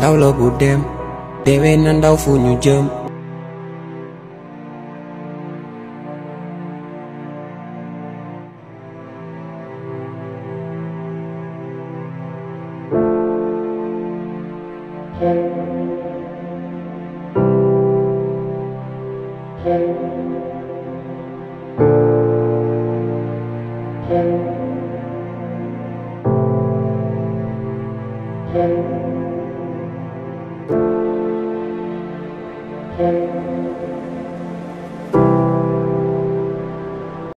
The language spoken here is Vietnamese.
đau lỡ buổi đêm đêm bên anh đau phụ nhiều chơm Thank you. Thank you.